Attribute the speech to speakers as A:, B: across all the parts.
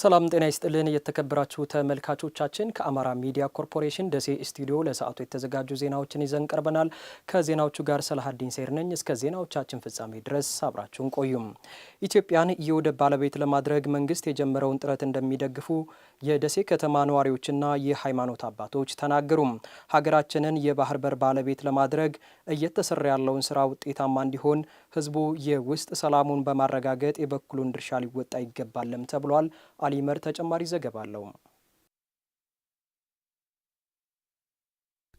A: ሰላም ጤና ይስጥልን። የተከበራችሁ ተመልካቾቻችን ከአማራ ሚዲያ ኮርፖሬሽን ደሴ ስቱዲዮ ለሰዓቱ የተዘጋጁ ዜናዎችን ይዘን ቀርበናል። ከዜናዎቹ ጋር ሰላሀዲን ሴር ነኝ። እስከ ዜናዎቻችን ፍጻሜ ድረስ አብራችሁን ቆዩም። ኢትዮጵያን የወደብ ባለቤት ለማድረግ መንግስት የጀመረውን ጥረት እንደሚደግፉ የደሴ ከተማ ነዋሪዎችና የሃይማኖት አባቶች ተናገሩ። ሀገራችንን የባህር በር ባለቤት ለማድረግ እየተሰራ ያለውን ስራ ውጤታማ እንዲሆን ህዝቡ የውስጥ ሰላሙን በማረጋገጥ የበኩሉን ድርሻ ሊወጣ ይገባልም ተብሏል። አሊመር ተጨማሪ ዘገባ አለው።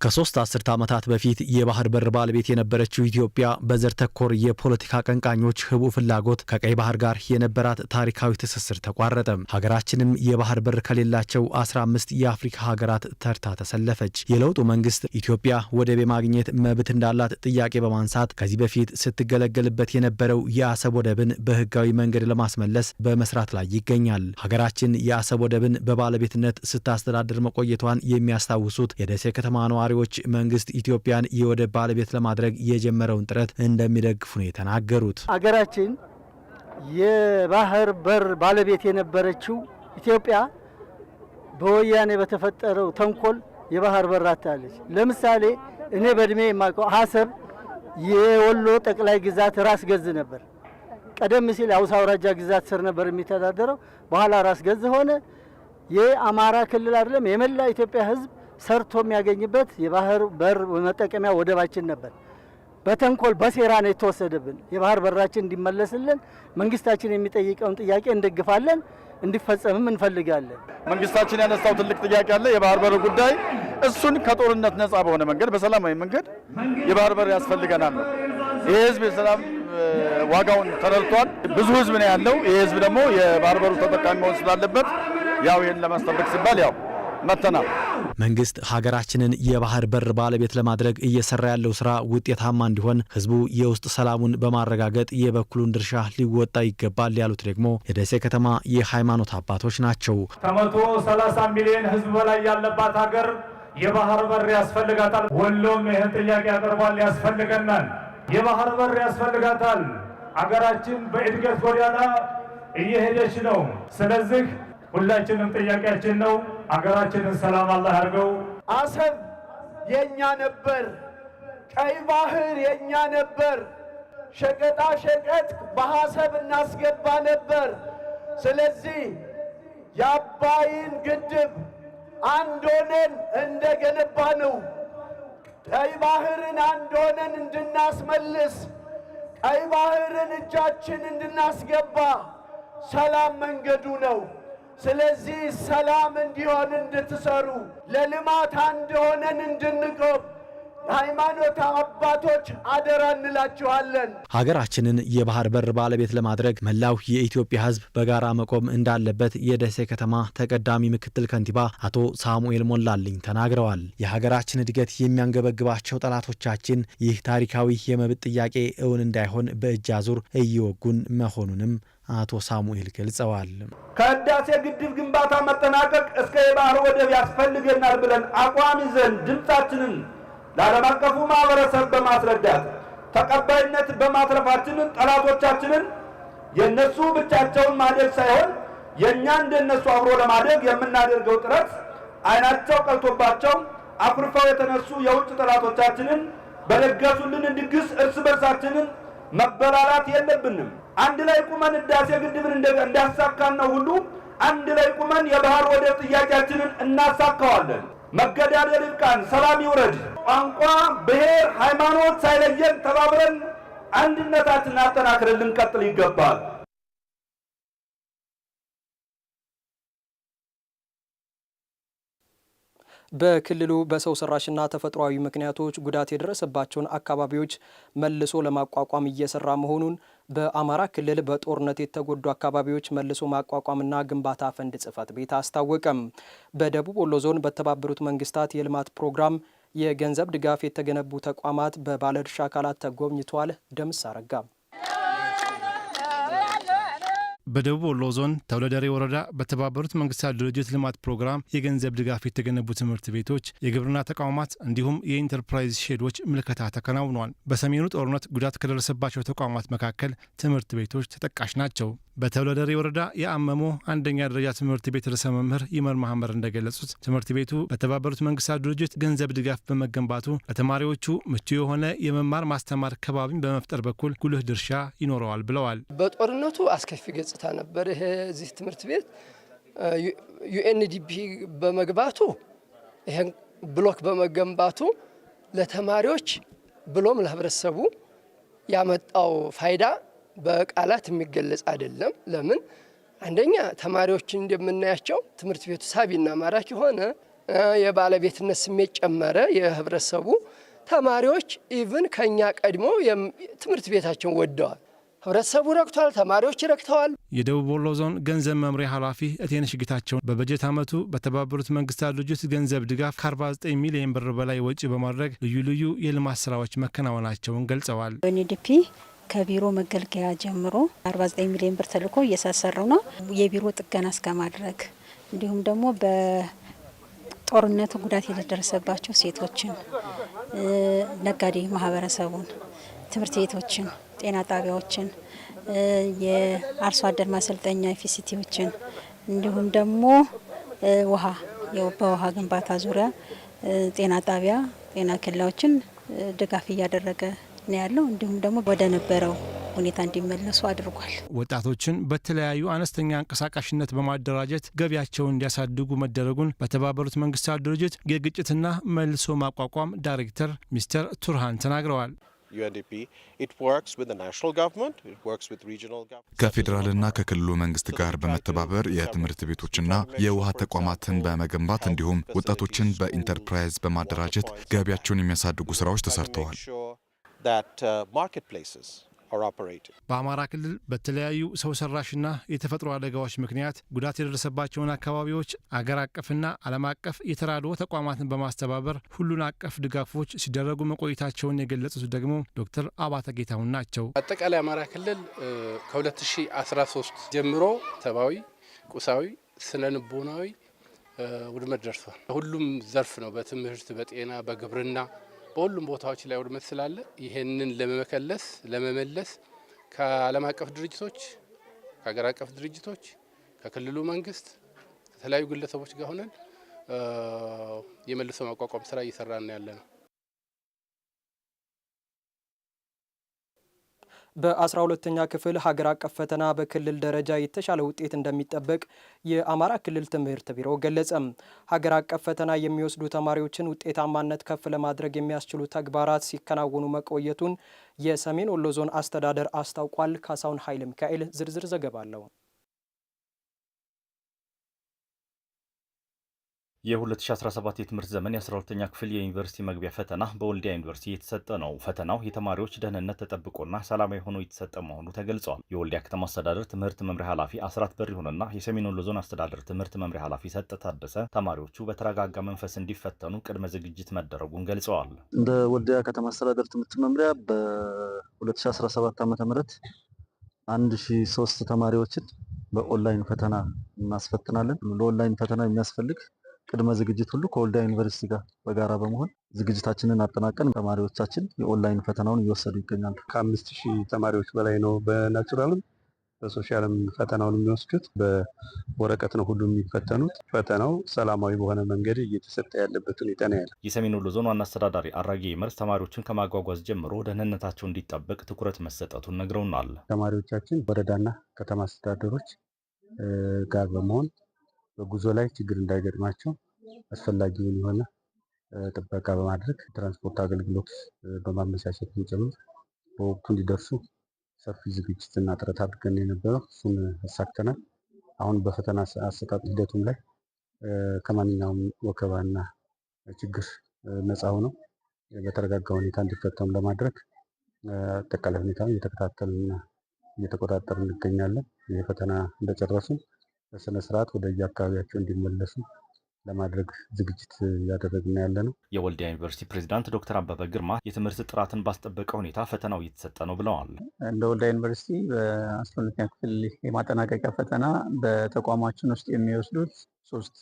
A: ከሶስት አስርተ ዓመታት በፊት የባህር በር ባለቤት የነበረችው ኢትዮጵያ በዘር ተኮር የፖለቲካ አቀንቃኞች ህቡ ፍላጎት ከቀይ ባህር ጋር የነበራት ታሪካዊ ትስስር ተቋረጠ። ሀገራችንም የባህር በር ከሌላቸው አምስት የአፍሪካ ሀገራት ተርታ ተሰለፈች። የለውጡ መንግስት ኢትዮጵያ ወደብ የማግኘት መብት እንዳላት ጥያቄ በማንሳት ከዚህ በፊት ስትገለገልበት የነበረው የአሰብ ወደብን በህጋዊ መንገድ ለማስመለስ በመስራት ላይ ይገኛል። ሀገራችን የአሰብ ወደብን በባለቤትነት ስታስተዳድር መቆየቷን የሚያስታውሱት የደሴ ከተማ ነዋሪ ተባባሪዎች መንግስት ኢትዮጵያን የወደብ ባለቤት ለማድረግ የጀመረውን ጥረት እንደሚደግፉ ነው የተናገሩት።
B: አገራችን የባህር በር ባለቤት የነበረችው ኢትዮጵያ በወያኔ በተፈጠረው ተንኮል የባህር በር አታለች። ለምሳሌ እኔ በእድሜ የማውቀው አሰብ የወሎ ጠቅላይ ግዛት ራስ ገዝ ነበር። ቀደም ሲል አውሳ አውራጃ ግዛት ስር ነበር የሚተዳደረው። በኋላ ራስ ገዝ ሆነ። የአማራ ክልል አይደለም የመላ ኢትዮጵያ ሕዝብ ሰርቶ የሚያገኝበት የባህር በር መጠቀሚያ ወደባችን ነበር። በተንኮል በሴራ ነው የተወሰደብን። የባህር በራችን እንዲመለስልን መንግስታችን የሚጠይቀውን ጥያቄ እንደግፋለን፣ እንዲፈጸምም እንፈልጋለን።
C: መንግስታችን ያነሳው ትልቅ ጥያቄ አለ፣ የባህር በር ጉዳይ። እሱን ከጦርነት ነጻ በሆነ መንገድ በሰላማዊ መንገድ የባህር በር ያስፈልገናል ነው። ይህ ህዝብ የሰላም ዋጋውን ተረድቷል። ብዙ ህዝብ ነው ያለው። ይህ ህዝብ ደግሞ የባህር በሩ ተጠቃሚ መሆን ስላለበት ያው ይህን ለማስጠበቅ ሲባል ያው መጥተናል።
A: መንግስት ሀገራችንን የባህር በር ባለቤት ለማድረግ እየሰራ ያለው ስራ ውጤታማ እንዲሆን ህዝቡ የውስጥ ሰላሙን በማረጋገጥ የበኩሉን ድርሻ ሊወጣ ይገባል ያሉት ደግሞ የደሴ ከተማ የሃይማኖት አባቶች ናቸው።
D: ከመቶ ሰላሳ ሚሊዮን ህዝብ በላይ ያለባት ሀገር የባህር በር ያስፈልጋታል። ወሎም ይህን ጥያቄ ያቀርባል። ያስፈልገናል፣ የባህር በር ያስፈልጋታል። አገራችን በእድገት ጎዳና እየሄደች ነው። ስለዚህ ሁላችንም ጥያቄያችን ነው አገራችንን ሰላም አላህ ያርገው።
E: አሰብ የእኛ ነበር፣ ቀይ ባህር የእኛ ነበር። ሸቀጣ ሸቀጥ በአሰብ እናስገባ ነበር። ስለዚህ የአባይን ግድብ አንድ ሆነን እንደገነባ ነው። ቀይ ባህርን አንድ ሆነን እንድናስመልስ፣ ቀይ ባህርን እጃችን እንድናስገባ ሰላም መንገዱ ነው። ስለዚህ ሰላም እንዲሆን እንድትሰሩ ለልማት አንድ ሆነን እንድንቆም ሃይማኖት አባቶች አደራ እንላችኋለን።
A: ሀገራችንን የባህር በር ባለቤት ለማድረግ መላው የኢትዮጵያ ሕዝብ በጋራ መቆም እንዳለበት የደሴ ከተማ ተቀዳሚ ምክትል ከንቲባ አቶ ሳሙኤል ሞላልኝ ተናግረዋል። የሀገራችን እድገት የሚያንገበግባቸው ጠላቶቻችን ይህ ታሪካዊ የመብት ጥያቄ እውን እንዳይሆን በእጅ አዙር እየወጉን መሆኑንም አቶ ሳሙኤል ገልጸዋል።
F: ከህዳሴ ግድብ ግንባታ መጠናቀቅ እስከ የባህር ወደብ ያስፈልገናል ብለን አቋም ይዘን ድምፃችንን ለዓለም አቀፉ ማህበረሰብ በማስረዳት ተቀባይነት በማትረፋችንን ጠላቶቻችንን የእነሱ ብቻቸውን ማደግ ሳይሆን የእኛ እንደነሱ አብሮ ለማደግ የምናደርገው ጥረት አይናቸው ቀልቶባቸው አኩርፈው የተነሱ የውጭ ጠላቶቻችንን በደገሱልን ድግስ እርስ በርሳችንን መበላላት የለብንም። አንድ ላይ ቁመን ህዳሴ ግድብን እንዳሳካን ነው ሁሉ አንድ ላይ ቁመን የባህር ወደብ ጥያቄያችንን እናሳካዋለን። መገዳደል ይብቃን፣ ሰላም ይውረድ። ቋንቋ፣ ብሔር፣ ሃይማኖት ሳይለየን ተባብረን አንድነታችንን አጠናክረን ልንቀጥል ይገባል።
A: በክልሉ በሰው ሰራሽና ተፈጥሯዊ ምክንያቶች ጉዳት የደረሰባቸውን አካባቢዎች መልሶ ለማቋቋም እየሰራ መሆኑን በአማራ ክልል በጦርነት የተጎዱ አካባቢዎች መልሶ ማቋቋምና ግንባታ ፈንድ ጽፈት ቤት አስታወቀም። በደቡብ ወሎ ዞን በተባበሩት መንግስታት የልማት ፕሮግራም የገንዘብ ድጋፍ የተገነቡ ተቋማት በባለድርሻ አካላት ተጎብኝተዋል። ደምስ አረጋም በደቡብ ወሎ ዞን ተውለደሪ ወረዳ በተባበሩት መንግስታት ድርጅት ልማት ፕሮግራም የገንዘብ ድጋፍ የተገነቡ ትምህርት ቤቶች፣ የግብርና ተቋማት እንዲሁም የኢንተርፕራይዝ ሼዶች ምልከታ ተከናውኗል። በሰሜኑ ጦርነት ጉዳት ከደረሰባቸው ተቋማት መካከል ትምህርት ቤቶች ተጠቃሽ ናቸው። በተውለደሬ ወረዳ የአመሞ አንደኛ ደረጃ ትምህርት ቤት ርዕሰ መምህር ይመር መሐመር እንደገለጹት ትምህርት ቤቱ በተባበሩት መንግስታት ድርጅት ገንዘብ ድጋፍ በመገንባቱ ለተማሪዎቹ ምቹ የሆነ የመማር ማስተማር ከባቢን በመፍጠር በኩል ጉልህ ድርሻ ይኖረዋል ብለዋል።
G: በጦርነቱ አስከፊ ገጽ አውጥታ ነበር። ይሄ እዚህ ትምህርት ቤት ዩኤንዲፒ በመግባቱ ይሄን ብሎክ በመገንባቱ ለተማሪዎች ብሎም ለህብረተሰቡ ያመጣው ፋይዳ በቃላት የሚገለጽ አይደለም። ለምን አንደኛ ተማሪዎችን እንደምናያቸው ትምህርት ቤቱ ሳቢና ማራኪ ሆነ፣ የባለቤትነት ስሜት ጨመረ። የህብረተሰቡ ተማሪዎች ኢቭን ከኛ ቀድሞ ትምህርት ቤታቸውን ወደዋል። ህብረተሰቡ ረክቷል፣ ተማሪዎች ረክተዋል።
A: የደቡብ ወሎ ዞን ገንዘብ መምሪያ ኃላፊ እቴነሽ ጌታቸውን በበጀት ዓመቱ በተባበሩት መንግስታት ድርጅት ገንዘብ ድጋፍ ከ49 ሚሊዮን ብር በላይ ወጪ በማድረግ ልዩ ልዩ የልማት ስራዎች መከናወናቸውን ገልጸዋል።
H: ዩኒዲፒ ከቢሮ መገልገያ ጀምሮ 49 ሚሊዮን ብር ተልኮ እየሳሰሩ ነው። የቢሮ ጥገና እስከ ማድረግ እንዲሁም ደግሞ በጦርነቱ ጉዳት የተደረሰባቸው ሴቶችን፣ ነጋዴ ማህበረሰቡን፣ ትምህርት ቤቶችን ጤና ጣቢያዎችን፣ የአርሶ አደር ማሰልጠኛ ፊሲቲዎችን እንዲሁም ደግሞ ውሃ በውሃ ግንባታ ዙሪያ ጤና ጣቢያ፣ ጤና ኬላዎችን ድጋፍ እያደረገ ነው ያለው። እንዲሁም ደግሞ ወደ ነበረው ሁኔታ እንዲመለሱ አድርጓል።
A: ወጣቶችን በተለያዩ አነስተኛ አንቀሳቃሽነት በማደራጀት ገቢያቸውን እንዲያሳድጉ መደረጉን በተባበሩት መንግስታት ድርጅት የግጭትና መልሶ ማቋቋም ዳይሬክተር ሚስተር ቱርሃን ተናግረዋል።
I: ከፌዴራልና ከክልሉ መንግስት ጋር በመተባበር የትምህርት ቤቶችና የውሃ ተቋማትን በመገንባት እንዲሁም ወጣቶችን በኢንተርፕራይዝ በማደራጀት ገቢያቸውን የሚያሳድጉ ስራዎች ተሰርተዋል።
A: በአማራ ክልል በተለያዩ ሰው ሰራሽና የተፈጥሮ አደጋዎች ምክንያት ጉዳት የደረሰባቸውን አካባቢዎች አገር አቀፍና ዓለም አቀፍ የተራድኦ ተቋማትን በማስተባበር ሁሉን አቀፍ ድጋፎች ሲደረጉ መቆየታቸውን የገለጹት ደግሞ ዶክተር አባተ ጌታሁን ናቸው።
J: አጠቃላይ አማራ ክልል ከ2013 ጀምሮ ሰብአዊ፣ ቁሳዊ፣ ስነ ልቦናዊ ውድመት ደርሷል። ሁሉም ዘርፍ ነው። በትምህርት፣ በጤና፣ በግብርና በሁሉም ቦታዎች ላይ ውድመት ስላለ ይሄንን ለመመከለስ ለመመለስ ከዓለም አቀፍ ድርጅቶች ከሀገር አቀፍ ድርጅቶች ከክልሉ መንግስት ከተለያዩ ግለሰቦች ጋር ሆነን የመልሶ ማቋቋም ስራ እየሰራን ያለ ነው።
A: በ12ኛ ክፍል ሀገር አቀፍ ፈተና በክልል ደረጃ የተሻለ ውጤት እንደሚጠበቅ የአማራ ክልል ትምህርት ቢሮ ገለጸም። ሀገር አቀፍ ፈተና የሚወስዱ ተማሪዎችን ውጤታማነት ከፍ ለማድረግ የሚያስችሉ ተግባራት ሲከናወኑ መቆየቱን የሰሜን ወሎ ዞን አስተዳደር አስታውቋል። ካሳውን ኃይለ ሚካኤል ዝርዝር ዘገባ አለው። የ2017 የትምህርት ዘመን የ12ኛ ክፍል የዩኒቨርሲቲ መግቢያ ፈተና በወልዲያ ዩኒቨርሲቲ የተሰጠ ነው። ፈተናው የተማሪዎች ደህንነት ተጠብቆና ሰላማዊ ሆኖ የተሰጠ መሆኑ ተገልጿል። የወልዲያ ከተማ አስተዳደር ትምህርት መምሪያ ኃላፊ አስራት በሪሁንና የሰሜን ወሎ ዞን አስተዳደር ትምህርት መምሪያ ኃላፊ ሰጠ ታደሰ ተማሪዎቹ በተረጋጋ መንፈስ እንዲፈተኑ ቅድመ ዝግጅት መደረጉን ገልጸዋል።
K: ወልዲያ ከተማ አስተዳደር ትምህርት መምሪያ በ2017 ዓ ም ሶስት ተማሪዎችን በኦንላይን ፈተና እናስፈትናለን። ለኦንላይን ፈተና የሚያስፈልግ ቅድመ ዝግጅት ሁሉ ከወልዳ ዩኒቨርሲቲ ጋር በጋራ በመሆን ዝግጅታችንን አጠናቀን ተማሪዎቻችን የኦንላይን ፈተናውን እየወሰዱ ይገኛሉ።
L: ከአምስት ሺህ ተማሪዎች በላይ ነው በናቹራልም በሶሻልም ፈተናውን የሚወስዱት በወረቀት ነው ሁሉ የሚፈተኑት። ፈተናው ሰላማዊ በሆነ መንገድ እየተሰጠ ያለበት ሁኔታ ነው ያለ
A: የሰሜን ወሎ ዞን ዋና አስተዳዳሪ አራጌ መርስ ተማሪዎችን ከማጓጓዝ ጀምሮ ደህንነታቸው እንዲጠበቅ ትኩረት መሰጠቱን ነግረውናል።
M: ተማሪዎቻችን ወረዳና ከተማ አስተዳደሮች ጋር በመሆን በጉዞ ላይ ችግር እንዳይገጥማቸው አስፈላጊውን የሆነ ጥበቃ በማድረግ ትራንስፖርት አገልግሎት በማመቻቸት ጭምር በወቅቱ እንዲደርሱ ሰፊ ዝግጅትና ጥረት አድርገን የነበረው እሱን አሳክተናል። አሁን በፈተና አሰጣጥ ሂደቱም ላይ ከማንኛውም ወከባና ችግር ነፃ ሆነው በተረጋጋ ሁኔታ እንዲፈተኑ ለማድረግ አጠቃላይ ሁኔታ እየተከታተልና እየተቆጣጠር እንገኛለን። የፈተና ፈተና በስነ ስርዓት አካባቢያቸው እንዲመለሱ ለማድረግ ዝግጅት እያደረግን ያለ ነው።
A: የወልዲያ ዩኒቨርሲቲ ፕሬዚዳንት ዶክተር አበበ ግርማ የትምህርት ጥራትን ባስጠበቀ ሁኔታ ፈተናው እየተሰጠ ነው ብለዋል።
N: እንደ ወልዲያ ዩኒቨርሲቲ በአስራ ሁለተኛ ክፍል የማጠናቀቂያ ፈተና በተቋማችን ውስጥ የሚወስዱት ሶስት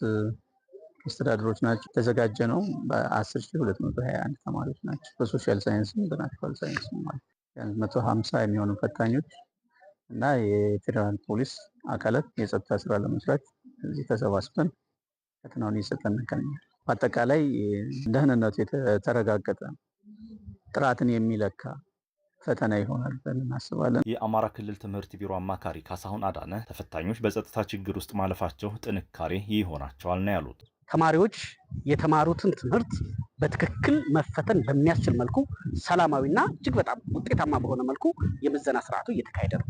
N: መስተዳድሮች ናቸው። የተዘጋጀ ነው በአስር ሺህ ሁለት መቶ ሀያ አንድ ተማሪዎች ናቸው። በሶሻል ሳይንስም በናቹራል ሳይንስ ማለት መቶ ሀምሳ የሚሆኑ ፈታኞች እና የፌዴራል ፖሊስ አካላት የጸጥታ ስራ ለመስራት እዚህ ተሰባስበን ፈተናውን እየሰጠን እንገኛለን። በአጠቃላይ ደህንነቱ የተረጋገጠ ጥራትን የሚለካ ፈተና ይሆናል ብለን እናስባለን።
A: የአማራ ክልል ትምህርት ቢሮ አማካሪ ካሳሁን አዳነ ተፈታኞች በጸጥታ ችግር ውስጥ ማለፋቸው ጥንካሬ ይሆናቸዋል ነው ያሉት። ተማሪዎች የተማሩትን ትምህርት በትክክል መፈተን በሚያስችል መልኩ ሰላማዊና እጅግ በጣም ውጤታማ በሆነ መልኩ የምዘና ስርዓቱ እየተካሄደ ነው።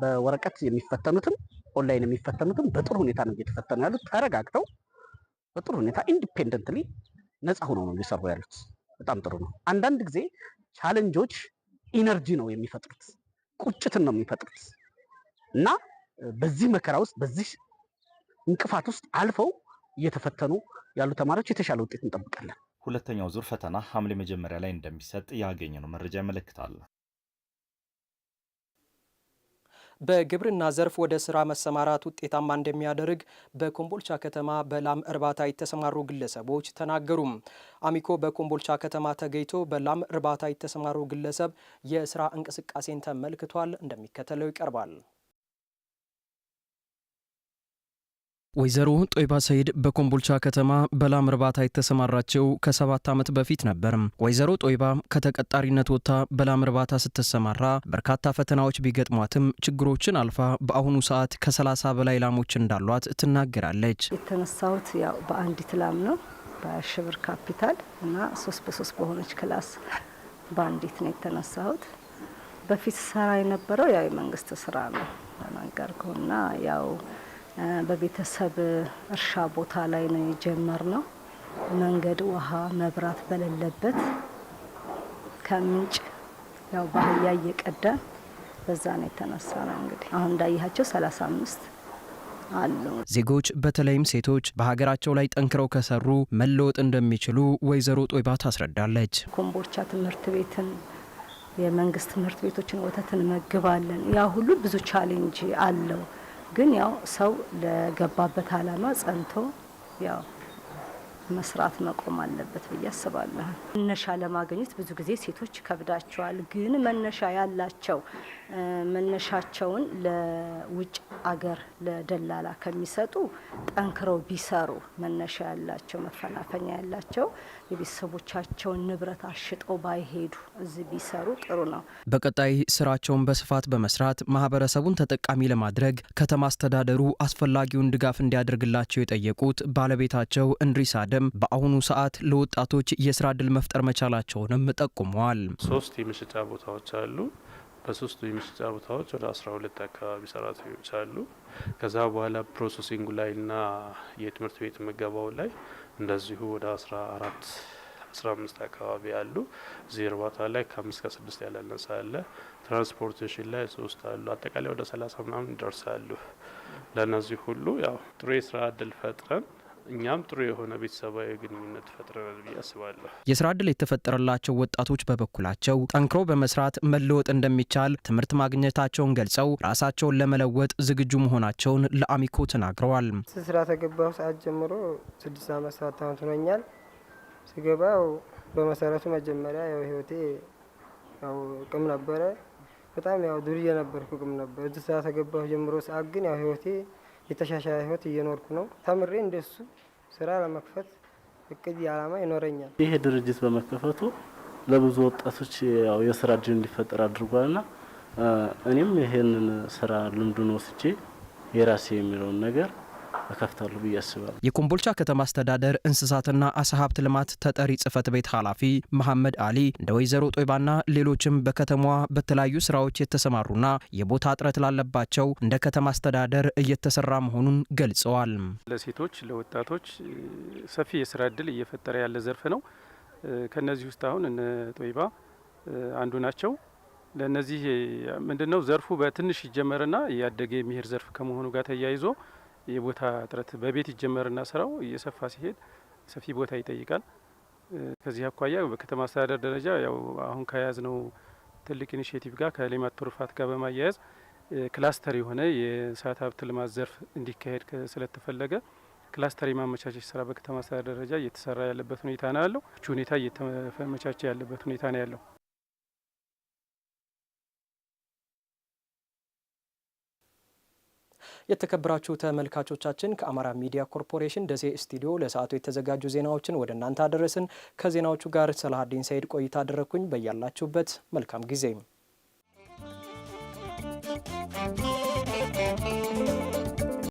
A: በወረቀት የሚፈተኑትም ኦንላይን የሚፈተኑትም በጥሩ ሁኔታ ነው እየተፈተኑ ያሉት። ተረጋግተው በጥሩ ሁኔታ ኢንዲፔንደንትሊ ነፃ ሆነው ነው እየሰሩ ያሉት። በጣም ጥሩ ነው። አንዳንድ ጊዜ ቻለንጆች ኢነርጂ ነው የሚፈጥሩት፣ ቁጭትን ነው የሚፈጥሩት እና በዚህ መከራ ውስጥ በዚህ እንቅፋት ውስጥ አልፈው እየተፈተኑ ያሉ ተማሪዎች የተሻለ ውጤት እንጠብቃለን። ሁለተኛው ዙር ፈተና ሐምሌ መጀመሪያ ላይ እንደሚሰጥ ያገኘነው መረጃ ያመለክታል። በግብርና ዘርፍ ወደ ስራ መሰማራት ውጤታማ እንደሚያደርግ በኮምቦልቻ ከተማ በላም እርባታ የተሰማሩ ግለሰቦች ተናገሩም። አሚኮ በኮምቦልቻ ከተማ ተገኝቶ በላም እርባታ የተሰማሩ ግለሰብ የስራ እንቅስቃሴን ተመልክቷል። እንደሚከተለው ይቀርባል። ወይዘሮ ጦይባ ሰይድ በኮምቦልቻ ከተማ በላም እርባታ የተሰማራቸው ከሰባት ዓመት በፊት ነበር። ወይዘሮ ጦይባ ከተቀጣሪነት ወጥታ በላም እርባታ ስትሰማራ በርካታ ፈተናዎች ቢገጥሟትም ችግሮችን አልፋ በአሁኑ ሰዓት ከሰላሳ በላይ ላሞች እንዳሏት ትናገራለች።
O: የተነሳሁት ያው በአንዲት ላም ነው በሽብር ካፒታል እና ሶስት በሶስት በሆነች ክላስ በአንዲት ነው የተነሳሁት። በፊት ስራ የነበረው ያው የመንግስት ስራ ነው ለመንገር ያው በቤተሰብ እርሻ ቦታ ላይ ነው የጀመርነው። መንገድ፣ ውሃ፣ መብራት በሌለበት ከምንጭ ያው ባህያ እየቀዳ በዛ ነው የተነሳ ነው። እንግዲህ አሁን እንዳያቸው 35 አሉ።
A: ዜጎች በተለይም ሴቶች በሀገራቸው ላይ ጠንክረው ከሰሩ መለወጥ እንደሚችሉ ወይዘሮ ጦይባ ታስረዳለች።
O: ኮምቦልቻ ትምህርት ቤትን የመንግስት ትምህርት ቤቶችን ወተትን መግባለን። ያ ሁሉ ብዙ ቻሌንጅ አለው። ግን ያው ሰው ለገባበት አላማ ጸንቶ ያው መስራት መቆም አለበት ብዬ አስባለሁ። መነሻ ለማግኘት ብዙ ጊዜ ሴቶች ይከብዳቸዋል። ግን መነሻ ያላቸው መነሻቸውን ለውጭ አገር ለደላላ ከሚሰጡ ጠንክረው ቢሰሩ መነሻ ያላቸው መፈናፈኛ ያላቸው የቤተሰቦቻቸውን ንብረት አሽጠው ባይሄዱ እዚህ ቢሰሩ ጥሩ ነው።
A: በቀጣይ ስራቸውን በስፋት በመስራት ማህበረሰቡን ተጠቃሚ ለማድረግ ከተማ አስተዳደሩ አስፈላጊውን ድጋፍ እንዲያደርግላቸው የጠየቁት ባለቤታቸው እንድሪስ አደም በአሁኑ ሰዓት ለወጣቶች የስራ እድል መፍጠር መቻላቸውንም ጠቁመዋል።
P: ሶስት የመሸጫ ቦታዎች አሉ። በሶስቱ የመሸጫ ቦታዎች ወደ 12 አካባቢ ሰራተኞች አሉ። ከዛ በኋላ ፕሮሰሲንጉ ላይ የትምህርት ቤት ምገባው ላይ እንደዚሁ ወደ አስራ አምስት አካባቢ አሉ። እዚህ እርባታ ላይ ከአምስት ከስድስት ያላነሰ አለ። ትራንስፖርቴሽን ላይ ሶስት አሉ። አጠቃላይ ወደ ሰላሳ ምናምን ይደርሳሉ። ለእነዚህ ሁሉ ያው ጥሩ የስራ እድል ፈጥረን እኛም ጥሩ የሆነ ቤተሰባዊ ግንኙነት ፈጥረናል ብዬ አስባለሁ።
A: የስራ እድል የተፈጠረላቸው ወጣቶች በበኩላቸው ጠንክሮ በመስራት መለወጥ እንደሚቻል ትምህርት ማግኘታቸውን ገልጸው ራሳቸውን ለመለወጥ ዝግጁ መሆናቸውን ለአሚኮ ተናግረዋል።
Q: ስራ ተገባሁ ሰዓት ጀምሮ ስድስት ዓመት ሰባት ዓመት ሆኖኛል። ስገባው በመሰረቱ መጀመሪያ ያው ህይወቴ ያው ቅም ነበረ። በጣም ያው ዱርዬ ነበርኩ፣ ቅም ነበር። እዚህ ስራ ተገባሁ ጀምሮ ሰዓት ግን ያው ህይወቴ የተሻሻለ ህይወት እየኖርኩ ነው። ተምሬ እንደሱ ስራ ለመክፈት እቅድ አላማ ይኖረኛል።
R: ይሄ ድርጅት በመከፈቱ ለብዙ ወጣቶች ያው የስራ እድል እንዲፈጠር አድርጓልና እኔም ይህንን ስራ ልምዱን ወስጄ የራሴ የሚለውን ነገር እከፍታሉ ብዬ አስባለሁ።
A: የኮምቦልቻ ከተማ አስተዳደር እንስሳትና አሳ ሀብት ልማት ተጠሪ ጽህፈት ቤት ኃላፊ መሐመድ አሊ እንደ ወይዘሮ ጦይባና ሌሎችም በከተማዋ በተለያዩ ስራዎች የተሰማሩና የቦታ እጥረት ላለባቸው እንደ ከተማ አስተዳደር እየተሰራ መሆኑን ገልጸዋል።
S: ለሴቶች ለወጣቶች ሰፊ የስራ እድል እየፈጠረ ያለ ዘርፍ ነው። ከነዚህ ውስጥ አሁን እነ ጦይባ አንዱ ናቸው። ለእነዚህ ምንድነው ዘርፉ በትንሽ ይጀመርና እያደገ የሚሄድ ዘርፍ ከመሆኑ ጋር ተያይዞ የቦታ እጥረት በቤት ይጀመርና ስራው እየሰፋ ሲሄድ ሰፊ ቦታ ይጠይቃል። ከዚህ አኳያ በከተማ አስተዳደር ደረጃ ያው አሁን ነው ትልቅ ኢኒሽቲቭ ጋር ከሌማት ትሩፋት ጋር በማያያዝ ክላስተር የሆነ የእንስሳት ሀብት ልማት ዘርፍ እንዲካሄድ ስለተፈለገ ክላስተር የማመቻቸት ስራ በከተማ አስተዳደር ደረጃ እየተሰራ ያለበት ሁኔታ ነው ያለው። ሁኔታ እየተመቻቸ ያለበት ሁኔታ ነው ያለው።
A: የተከበራችሁ ተመልካቾቻችን ከአማራ ሚዲያ ኮርፖሬሽን ደሴ ስቱዲዮ ለሰዓቱ የተዘጋጁ ዜናዎችን ወደ እናንተ አደረስን። ከዜናዎቹ ጋር ሰላሀዲን ሰይድ ቆይታ አደረግኩኝ። በያላችሁበት መልካም ጊዜ